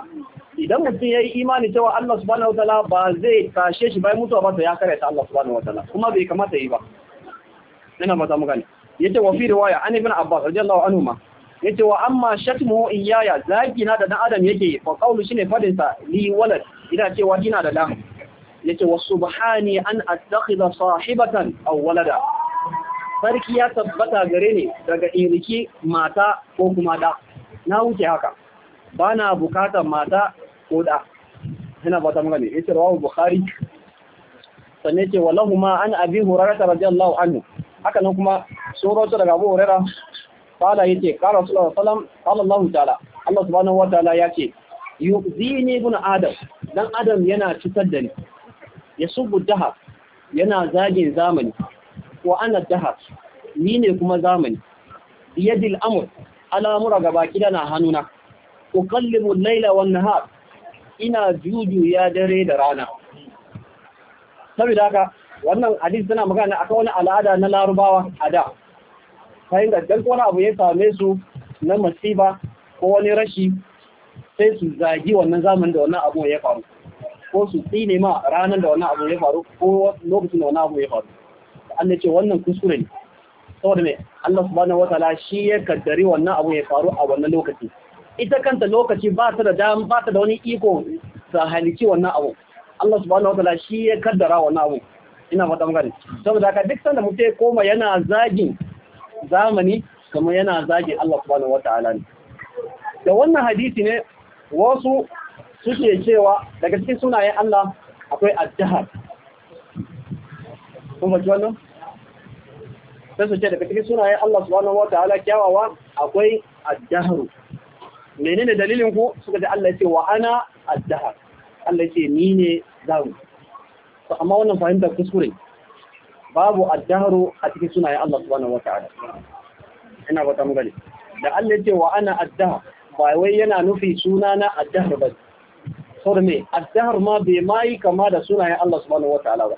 idan mutum yayi imani cewa Allah subhanahu wataala ba zai tashe shi bai mutuwa ba to ya karanta Allah subhanahu wataala kuma bai kamata yi ba ina mata mu gani yace wa fi riwaya an ibn abbas radiyallahu anhu ma yace wa amma shatmu iyaya zaki na da dan adam yake fa qawlu shine fadinsa li walad ina cewa dina da dan yace wa subhani an attakhidha sahibatan aw walada sarki ya tabbata gare ne daga iriki mata ko kuma da na wuce haka bana bukatar mata ko da ina ba ta magana yace rawu bukhari sanne ce walahuma an abi hurairah radiyallahu anhu haka nan kuma sun rawaito daga abu hurairah Fala yace qala sallallahu alaihi wasallam qala allah ta'ala allah subhanahu wa ta'ala yace yu'zini ibn adam dan adam yana cutar da ni yasubbu dahar yana zagin zamani ko ana dahar ni ne kuma zamani biyadil amr al'amura gaba kida na hannuna uqallibu al-laila wan nahar ina juju ya dare da rana saboda haka wannan hadis tana magana akan wani al'ada na Larubawa a da sai ga dan wani abu ya same su na masiba ko wani rashi sai su zagi wannan zamani da wannan abu ya faru ko su tsine ma ranar da wannan abu ya faru ko lokacin da wannan abu ya faru Allah ce wannan kuskure ne saboda me Allah subhanahu wataala shi ya kaddari wannan abu ya faru a wannan lokaci ita kanta lokaci ba ta da dam ba ta da wani iko ta halici wannan abu Allah subhanahu wataala shi ya kaddara wannan abu ina fata magana saboda haka duk sanda mutum ya koma yana zagin zamani kamar yana zagin Allah subhanahu wataala ne da wannan hadisi ne wasu suke cewa daga cikin sunayen Allah akwai addahar kuma ci wannan sai su ce daga cikin sunayen Allah subhanahu wa ta'ala kyawawa akwai addahar menene dalilin ku suka ce Allah ce wa ana addahar Allah ce ni ne zaru to amma wannan fahimtar kuskure babu addahar a cikin sunayen Allah subhanahu wa ta'ala ina ba ta mu gani da Allah ce wa ana addahar ba wai yana nufi suna na addahar ba saboda me addahar ma bai ma yi kama da sunayen Allah subhanahu wataala ba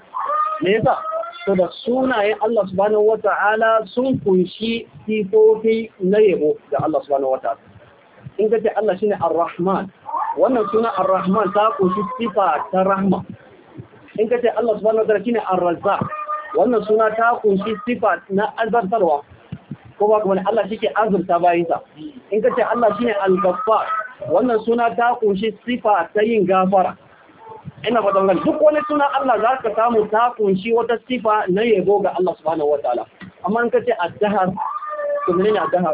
me yasa to da sunayen Allah subhanahu wataala sun kunshi sifofi na yabo da Allah subhanahu wataala in ka ce Allah shine Ar-Rahman wannan suna Ar-Rahman ta kunshi sifa ta rahma in ka ce Allah subhanahu wataala shine Ar-Razzaq wannan suna ta kunshi sifa na albarkarwa Kuma ba kuma Allah shi azurta bayinsa in ka ce Allah shi ne algaffar wannan suna ta kunshi sifa ta yin gafara ina fatan gani duk wani suna Allah za ka samu ta kunshi wata sifa na yabo ga Allah subhanahu wataala amma in ka ce addahar to menene addahar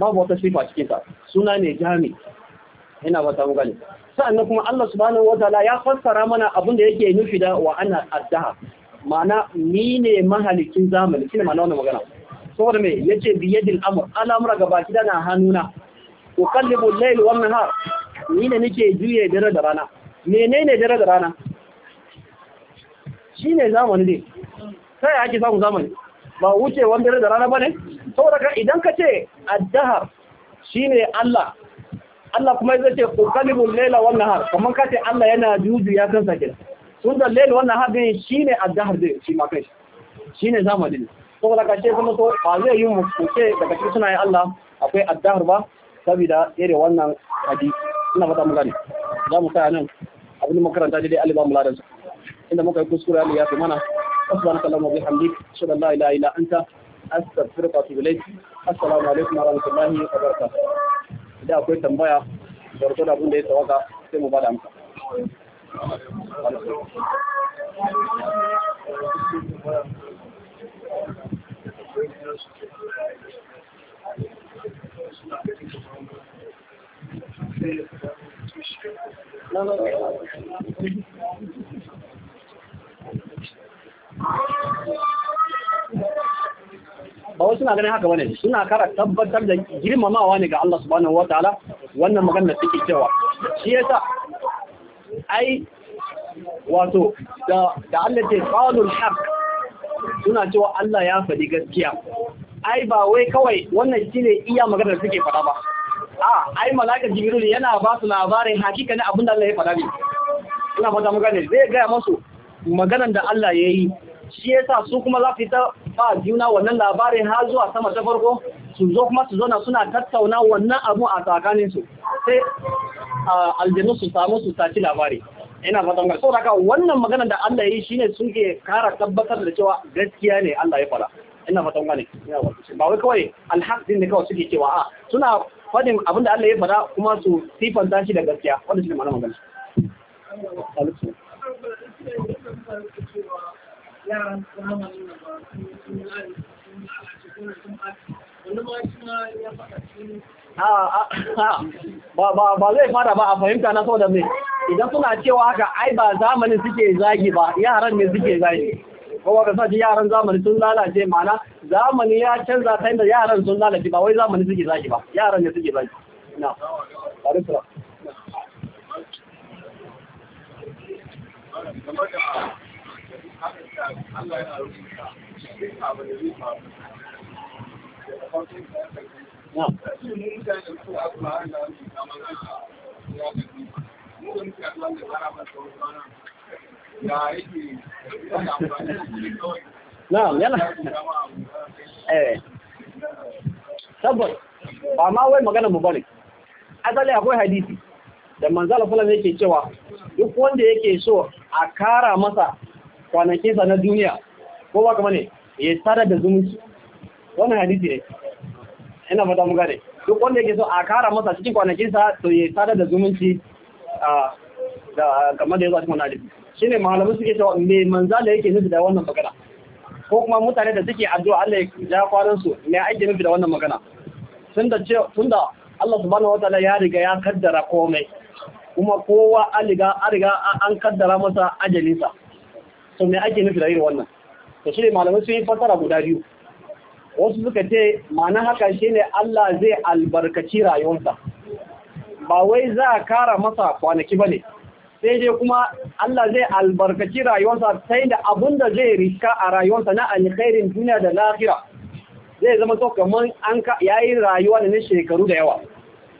babu wata sifa cikin ta suna ne jami ina fatan gani sa'annan kuma Allah subhanahu wataala ya fassara mana abin da yake nufi da wa ana addahar ma'ana ni ne mahalicin zamani shine ma'ana wannan magana saboda me yace bi yadil amr al'amura gaba kida na hannuna ko kallibu layl wa nahar ni ne nake juye dare da rana menene dare da rana shine zamani ne sai ake samu zamani ba wucewan dare da rana bane saboda ka idan ka ce addahar shine Allah Allah kuma zai ce uqallibu al-layla wan nahar kamar ka ce Allah yana juju ya kansa kenan sunan lail wannan ne a jihar da shi ma kai shi ne, zamanin saboda ka ce kuma so ba zai yi mu ce daga cikin sunayen Allah akwai addahar ba saboda irin wannan hadisi ina fata mun za mu kaya nan abin makaranta dai Allah ba inda muka yi kuskure ya fi mana subhanaka allahumma wa bihamdik shalla la ilaha illa anta astaghfiruka wa atubu assalamu alaikum wa rahmatullahi wa barakatuh idan akwai tambaya da abin da ya tsawaka sai mu bada amsa ba wasu na ganin haka wane suna kara tabbatar da girmamawa ne ga Allah subhanahu wataala wannan maganar da take cewa shi yasa ai wato da Allah ce qalul haq suna cewa Allah ya faɗi gaskiya ai ba wai kawai wannan shine iya maganar suke faɗa ba a ai malaka jibril yana ba su labarin hakika ne abinda Allah ya faɗa ne ina fata magana zai gaya masu maganar da Allah yayi shi yasa su kuma za su ta ba juna wannan labarin har zuwa sama ta farko su zo kuma su zona suna tattauna wannan abu a tsakaninsu sai aljanu su samu su saci labari ina fatan ga saboda wannan magana da Allah yi shine suke kara tabbatar da cewa gaskiya ne Allah ya fara ina fatan ne ba wai kawai alhaq din da kawai suke cewa a suna fadin da Allah ya fara kuma su sifanta shi da gaskiya wannan shine ma'anar magana yaran zamanin da ba su sun lalace sun lalace ko sun wani ma shi ma ya ba zai fara ba a fahimta na sau da mai idan suna cewa haka ai ba zamanin suke zagi ba yaran ne suke zagi kowa ka sa yaran zamani sun lalace mana zamani ya canza ta inda yaran sun lalace ba wai zamani suke zagi ba yaran ne suke zagi na kamar da na'am tabbas eh, ba ma wai magana mu bane asali akwai hadisi da manzala sallallahu yake cewa duk wanda yake so a kara masa kwanakin sa na duniya ko ba kuma ne ya tsara da zumunci wannan hadisi ne ina fata mu gane duk wanda yake so a kara masa cikin kwanakin sa to ya tsara da zumunci a da kamar da yazo a cikin wannan hadisi shine malamai suke cewa me da yake nufi da wannan magana ko kuma mutane da suke addu'a Allah ya ja kwanan su me ake nufi da wannan magana Tun da Allah subhanahu wataala ya riga ya kaddara komai kuma kowa an riga an kaddara masa ajalinsa to mai ake nufi da yin wannan to shi ne malamai sun yi fasara guda biyu wasu suka ce ma'ana haka shi ne Allah zai albarkaci rayuwarsa ba wai za a kara masa kwanaki ba ne sai dai kuma Allah zai albarkaci rayuwarsa sai da abun da zai riska a rayuwarsa na alkhairin duniya da lahira zai zama to kamar an ya yi rayuwa da na shekaru da yawa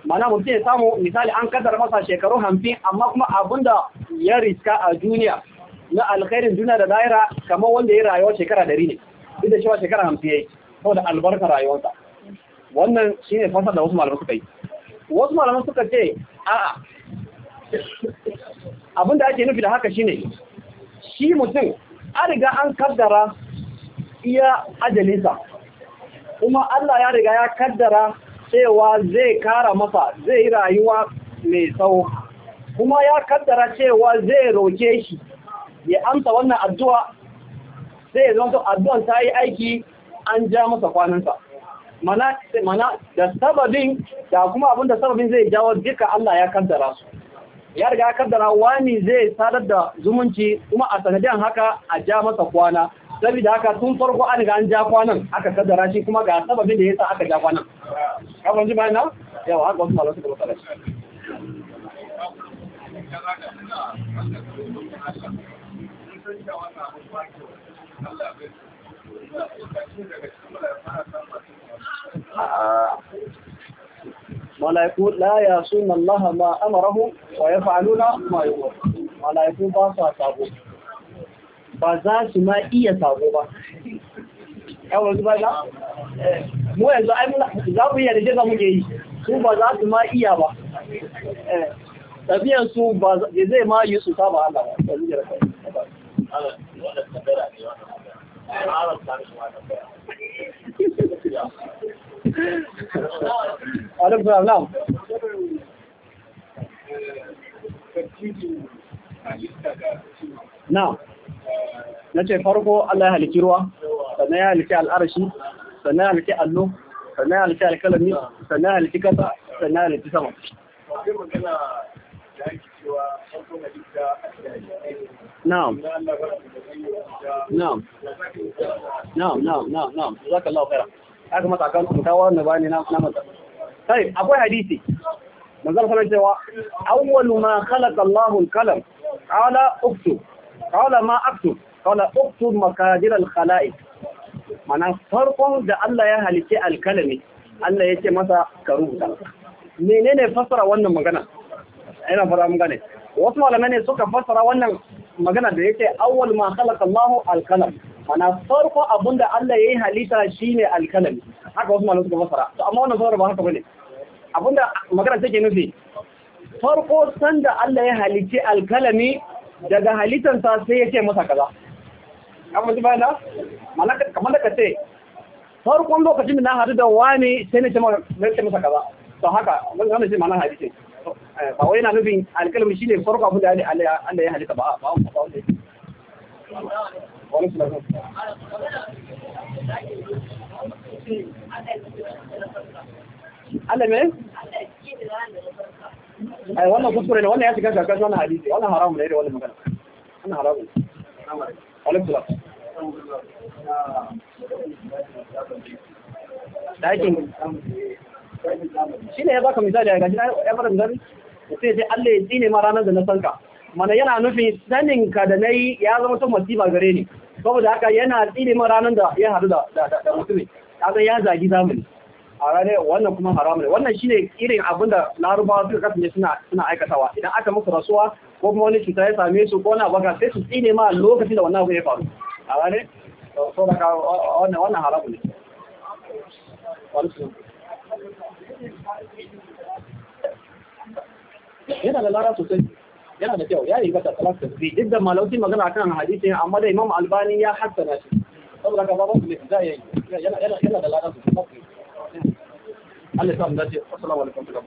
mana mutum ya samu misali an kadar masa shekaru hamsin amma kuma abun da ya riska a duniya na alkhairin duniya da daira kamar wanda ya rayuwa shekara ɗari ne duk da cewa shekara hamsin ya yi saboda albarkar rayuwarsa wannan shi ne fasar da wasu malaman suka yi wasu malaman suka ce a'a abin da ake nufi da haka shine shi mutum an riga an kaddara iya ajalinsa kuma Allah ya riga ya kaddara cewa zai kara masa zai yi rayuwa mai tsawo kuma ya kaddara cewa zai roke shi ya amsa wannan addu'a sai ya zama to addu'an ta yi aiki an ja masa kwanansa mana mana da sababin da kuma abin da sababin zai jawo duka Allah ya kaddara su ya riga kaddara wani zai sadar da zumunci kuma a sanadiyar haka a ja masa kwana saboda haka tun farko an ga an ja kwanan aka kaddara shi kuma ga sababin da ya sa aka ja kwanan Thank you. malaiku la ya suna Allah ma amarahu wa ya faluna ma yiwu malaiku ba su sabo ba za su ma iya sabo ba zuba eh, za? mu yanzu za ku iya da jaza muke yi su ba za su ma iya ba eh, tafiyansu zai ma yi su ba alaikum salam na'am na ce farko Allah ya halici ruwa sannan ya halici al'arashi sannan ya halici allo sannan ya halici alkalami sannan ya halici kasa sannan ya halici sama na'am na'am na'am na'am na'am na'am jazakallahu khairan aka mata kan na, na bani na na mata sai akwai hadisi na, na, cewa awwalu ma khalaqa Allahu al-qalam qala na, qala ma na, qala na, makadir al-khalaiq na, farkon da Allah ya halice alkalami Allah na, na, masa na, na, menene fasara wannan magana ina fara mun gane wasu malamai ne suka fassara wannan magana da yake awwal ma khalaqa Allahu al kalam mana farko abunda Allah yayi halitta shine al kalam haka wasu malamai suka fassara to amma wannan fassara ba haka bane abunda magana take nufi farko sanda Allah ya halice al-kalami daga halittansa sai ya ce masa kaza amma ji bayana malaka kamar da kace farkon lokacin da na hadu da wani sai ne ce masa kaza to haka wannan shi ma'anar hadisi Eh, ba wai yana nufin alkalmi shi ne farko abin da ya halitta ba a ba a wani Allah me? Ai eh, wannan kuskure ne wannan ya shiga shakar wannan hadisi wannan ne da wannan magana wannan alaikum salam dakin shi ne ya baka misali a gashi ya misali sai sai Allah ya tsine ma ranar da na sanka mana yana nufin sanin ka da nayi ya zama ta masifa gare ni saboda haka yana tsine ma ranar da ya hadu da da mutum kaga ya zagi zamani a ranar wannan kuma haram ne wannan shine irin abin da larubawa suka kasance suna suna aikatawa idan aka musu rasuwa ko kuma wani cuta ya same su ko na baka sai su tsine ma lokacin da wannan abu ya faru a ranar saboda ka wannan wannan haram ne yana da lara sosai yana da kyau ya yi bata salat tasbih duk da malauci magana kan hadisi amma da imam albani ya na shi saboda ka babu ne za yi yana yana da lara sosai Allah ya samu dace assalamu alaikum